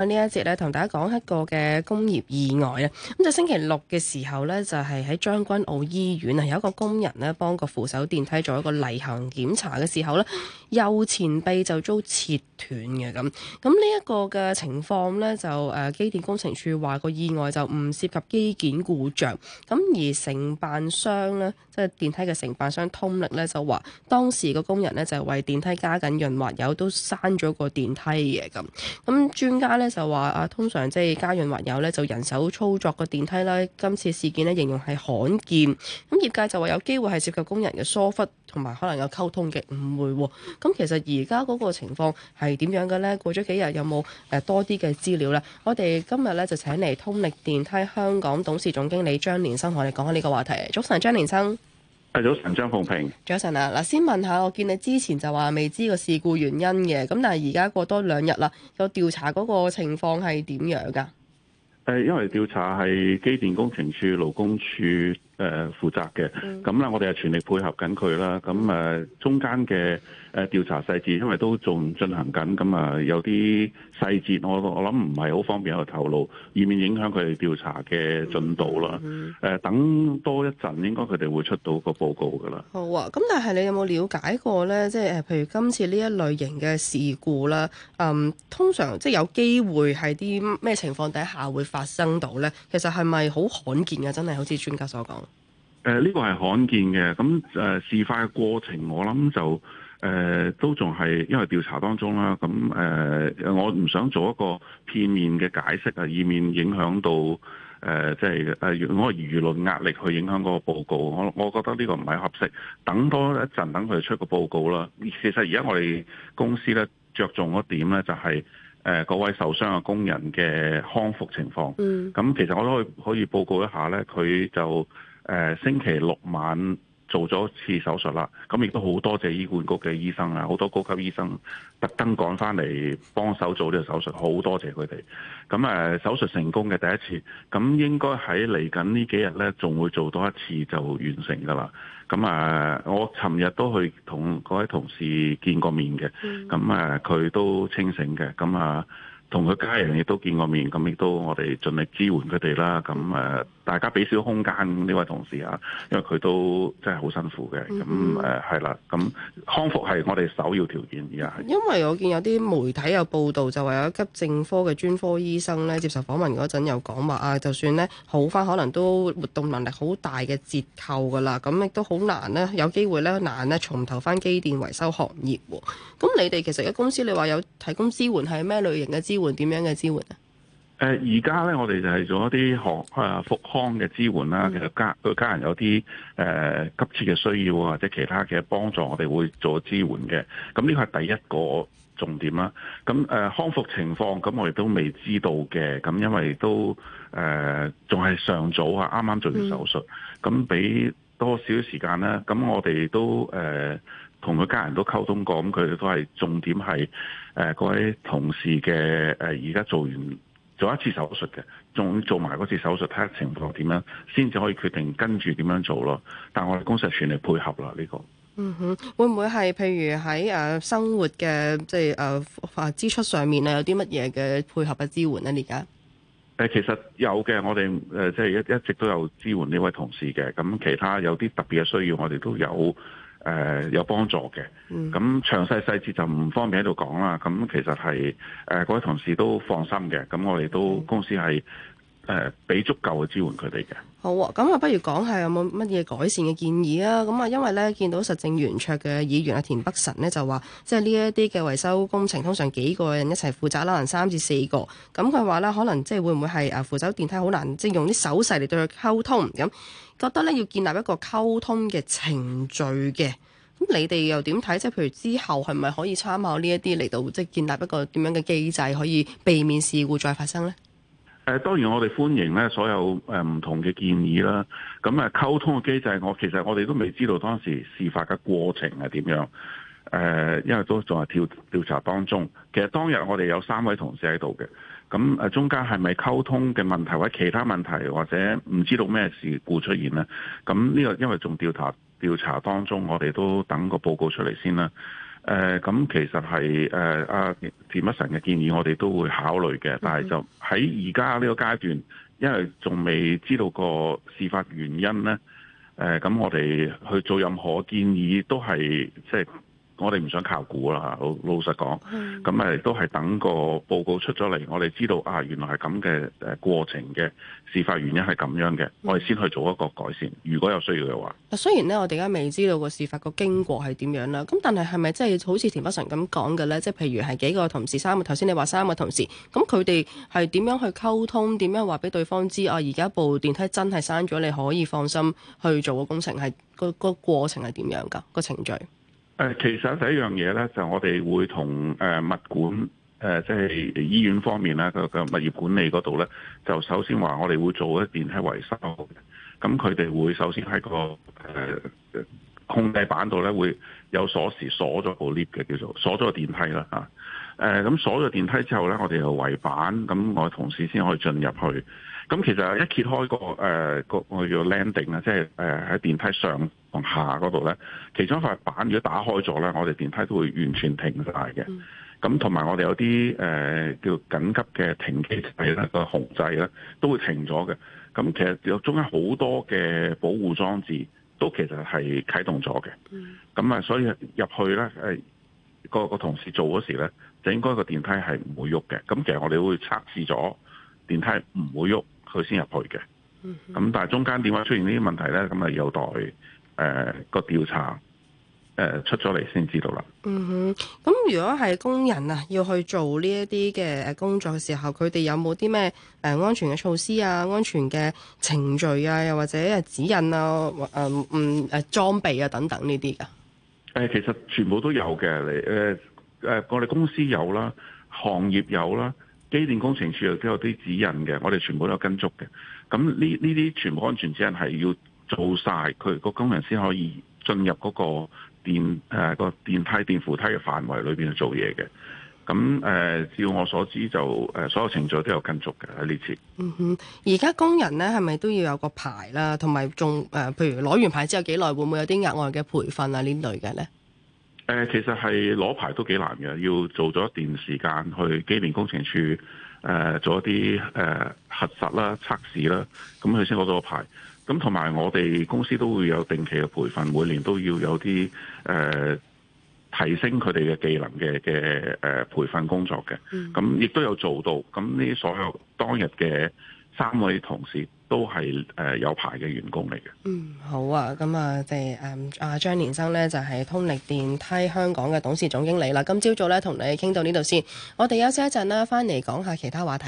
一節呢一節咧，同大家講一個嘅工業意外呢，咁就星期六嘅時候咧，就係喺將軍澳醫院啊，有一個工人咧，幫個扶手電梯做一個例行檢查嘅時候咧，右前臂就遭切斷嘅咁。咁呢一個嘅情況咧，就誒機電工程署話個意外就唔涉及機件故障。咁而承辦商咧，即係電梯嘅承辦商通力咧，就話當時個工人咧就係為電梯加緊潤滑油都閂咗個電梯嘅咁。咁專家咧。就話啊，通常即係嘉潤華友咧，就人手操作個電梯啦。今次事件咧，形容係罕見。咁業界就話有機會係涉及工人嘅疏忽，同埋可能有溝通嘅誤會。咁其實而家嗰個情況係點樣嘅呢？過咗幾日有冇誒、呃、多啲嘅資料呢？我哋今日咧就請嚟通力電梯香港董事總經理張年生，同我哋講下呢個話題。早晨，張年生。係早晨，張鳳平。早晨啊，嗱，先問一下，我見你之前就話未知個事故原因嘅，咁但係而家過多兩日啦，個調查嗰個情況係點樣噶？誒，因為調查係機電工程處勞工處。誒負責嘅，咁啦，我哋係全力配合緊佢啦。咁中間嘅誒調查細節，因為都仲進行緊，咁啊有啲細節，我我諗唔係好方便去透露，以免影響佢哋調查嘅進度啦。誒、嗯嗯，等多一陣，應該佢哋會出到個報告㗎啦。好啊，咁但係你有冇了解過咧？即係譬如今次呢一類型嘅事故啦，嗯，通常即係有機會喺啲咩情況底下會發生到咧？其實係咪好罕見嘅？真係好似專家所講。誒、呃、呢、這個係罕見嘅，咁誒、呃、事發嘅過程我諗就誒、呃、都仲係因為調查當中啦，咁誒、呃、我唔想做一個片面嘅解釋啊，以免影響到誒即係誒我個輿論壓力去影響嗰個報告。我我覺得呢個唔係合適，等多一陣等佢出個報告啦。其實而家我哋公司咧着重一點咧就係、是、誒、呃、位受傷嘅工人嘅康復情況。嗯，咁其實我都可以，可以報告一下咧，佢就。誒、呃、星期六晚做咗一次手術啦，咁亦都好多謝醫管局嘅醫生啊，好多高級醫生特登趕翻嚟幫手做呢個手術，好多謝佢哋。咁誒、呃、手術成功嘅第一次，咁應該喺嚟緊呢幾日呢，仲會做多一次就完成㗎啦。咁啊、呃，我尋日都去同嗰位同事見過面嘅，咁啊佢都清醒嘅，咁啊。呃同佢家人亦都見過面，咁亦都我哋盡力支援佢哋啦。咁誒，大家俾少空間呢位同事啊，因為佢都真係好辛苦嘅。咁誒係啦，咁康復係我哋首要條件而家。因為我見有啲媒體有報道，就話有一急症科嘅專科醫生咧，接受訪問嗰陣又講話啊，就算咧好翻，可能都活動能力好大嘅折扣噶啦。咁亦都好難咧，有機會咧難咧，從頭翻機電維修行業，咁你哋其實嘅公司，你話有提供支援係咩類型嘅支援？樣的支援點嘅支援啊？誒，而家咧，我哋就係做一啲學誒復康嘅支援啦。其實家佢家人有啲誒、呃、急切嘅需要或者其他嘅幫助，我哋會做支援嘅。咁呢個係第一個重點啦。咁誒、呃、康復情況，咁我哋都未知道嘅。咁因為都誒仲係上早啊，啱啱做完手術，咁、嗯、俾多少時間咧？咁我哋都誒。呃同佢家人都溝通過，咁佢哋都係重點係誒、呃、位同事嘅誒，而、呃、家做完做一次手術嘅，仲做埋嗰次手術睇下情況點樣，先至可以決定跟住點樣做咯。但我哋公司係全力配合啦，呢、這個嗯哼，會唔會係譬如喺誒生活嘅即係誒支出上面啊，有啲乜嘢嘅配合嘅支援咧？而家、呃、其實有嘅，我哋即係一一直都有支援呢位同事嘅。咁其他有啲特別嘅需要，我哋都有。誒、呃，有幫助嘅，嗯，咁詳細細節就唔方便喺度講啦。咁其實係誒、呃，各位同事都放心嘅，咁我哋都公司係。誒，俾足夠嘅支援佢哋嘅。好啊，咁啊，不如講下有冇乜嘢改善嘅建議啊？咁啊，因為咧，見到實政圓桌嘅議員阿田北辰呢，就話，即係呢一啲嘅維修工程，通常幾個人一齊負責啦，可能三至四個。咁佢話咧，可能即係會唔會係啊扶手電梯好難，即係用啲手勢嚟對佢溝通咁？覺得咧要建立一個溝通嘅程序嘅。咁你哋又點睇？即係譬如之後係咪可以參考呢一啲嚟到，即係建立一個點樣嘅機制，可以避免事故再發生呢？誒當然我哋歡迎咧所有誒唔同嘅建議啦。咁啊溝通嘅機制，我其實我哋都未知道當時事發嘅過程係點樣。誒，因為都仲係調調查當中。其實當日我哋有三位同事喺度嘅。咁誒中間係咪溝通嘅問題或者其他問題，或者唔知道咩事故出現咧？咁呢個因為仲調查調查當中，我哋都等個報告出嚟先啦。誒咁其實係誒啊田乜嘅建議，我哋都會考慮嘅，但係就。喺而家呢個階段，因為仲未知道個事發原因呢，誒咁我哋去做任何建議都係即係。就是我哋唔想靠估啦，好，老實講。咁誒都係等個報告出咗嚟，我哋知道啊，原來係咁嘅誒過程嘅事發原因係咁樣嘅、嗯，我哋先去做一個改善。如果有需要嘅話，嗱，雖然咧我哋而家未知道個事發個經過係點樣啦，咁但係係咪真係好似田北辰咁講嘅咧？即係譬如係幾個同事三個，頭先你話三個同事，咁佢哋係點樣去溝通？點樣話俾對方知啊？而家部電梯真係閂咗，你可以放心去做個工程，係個個過程係點樣㗎？個程序。誒，其實第一樣嘢咧，就、我哋會同誒物管誒，即係醫院方面啦，個物業管理嗰度咧，就首先話我哋會做一電梯維修。咁佢哋會首先喺個誒控制板度咧，會有鎖匙鎖咗部 lift 嘅叫做鎖咗個電梯啦嚇。誒咁鎖咗電梯、啊、電梯之後咧，我哋就圍板，咁我同事先可以進入去。咁其實一揭開、個誒、個個個 landing 啊，即係誒喺電梯上，同下嗰度咧，其中一塊板如果打開咗咧，我哋電梯都會完全停曬嘅。咁同埋我哋有啲誒、呃、叫緊急嘅停機掣咧、個紅掣咧，都會停咗嘅。咁其實有中間好多嘅保護裝置都其實係啟動咗嘅。咁、嗯、啊，所以入去咧、嗰個嗰個同事做嗰時咧，就應該個電梯係唔會喐嘅。咁其實我哋會測試咗電梯唔會喐，佢先入去嘅。咁、嗯、但係中間點解出現呢啲問題咧？咁啊有待。誒、呃，個調查誒、呃、出咗嚟，先知道啦。嗯哼，咁如果係工人啊，要去做呢一啲嘅誒工作嘅時候，佢哋有冇啲咩誒安全嘅措施啊、安全嘅程序啊，又或者指引啊、誒嗯誒裝備啊等等呢啲噶？誒、呃，其實全部都有嘅，你誒誒、呃呃，我哋公司有啦，行業有啦，機電工程處又都有啲指引嘅，我哋全部都有跟足嘅。咁呢呢啲全部安全指引係要。做晒，佢個工人先可以進入嗰個電誒個、呃、電梯電扶梯嘅範圍裏邊去做嘢嘅。咁誒、呃，照我所知就誒、呃、所有程序都有跟足嘅喺呢次。嗯哼，而家工人咧係咪都要有個牌啦？同埋仲誒，譬如攞完牌之後幾耐會唔會有啲額外嘅培訓啊呢類嘅咧？誒、呃，其實係攞牌都幾難嘅，要做咗一段時間去機電工程署誒、呃、做一啲誒、呃、核實啦、測試啦，咁佢先攞到個牌。咁同埋我哋公司都會有定期嘅培訓，每年都要有啲、呃、提升佢哋嘅技能嘅嘅誒培訓工作嘅。咁、嗯、亦都有做到。咁呢所有當日嘅三位同事都係誒、呃、有牌嘅員工嚟嘅。嗯，好啊。咁啊，我哋誒阿張年生咧就係、是、通力電梯香港嘅董事總經理啦。今朝早咧同你傾到呢度先，我哋休息一陣啦，翻嚟講下其他話題。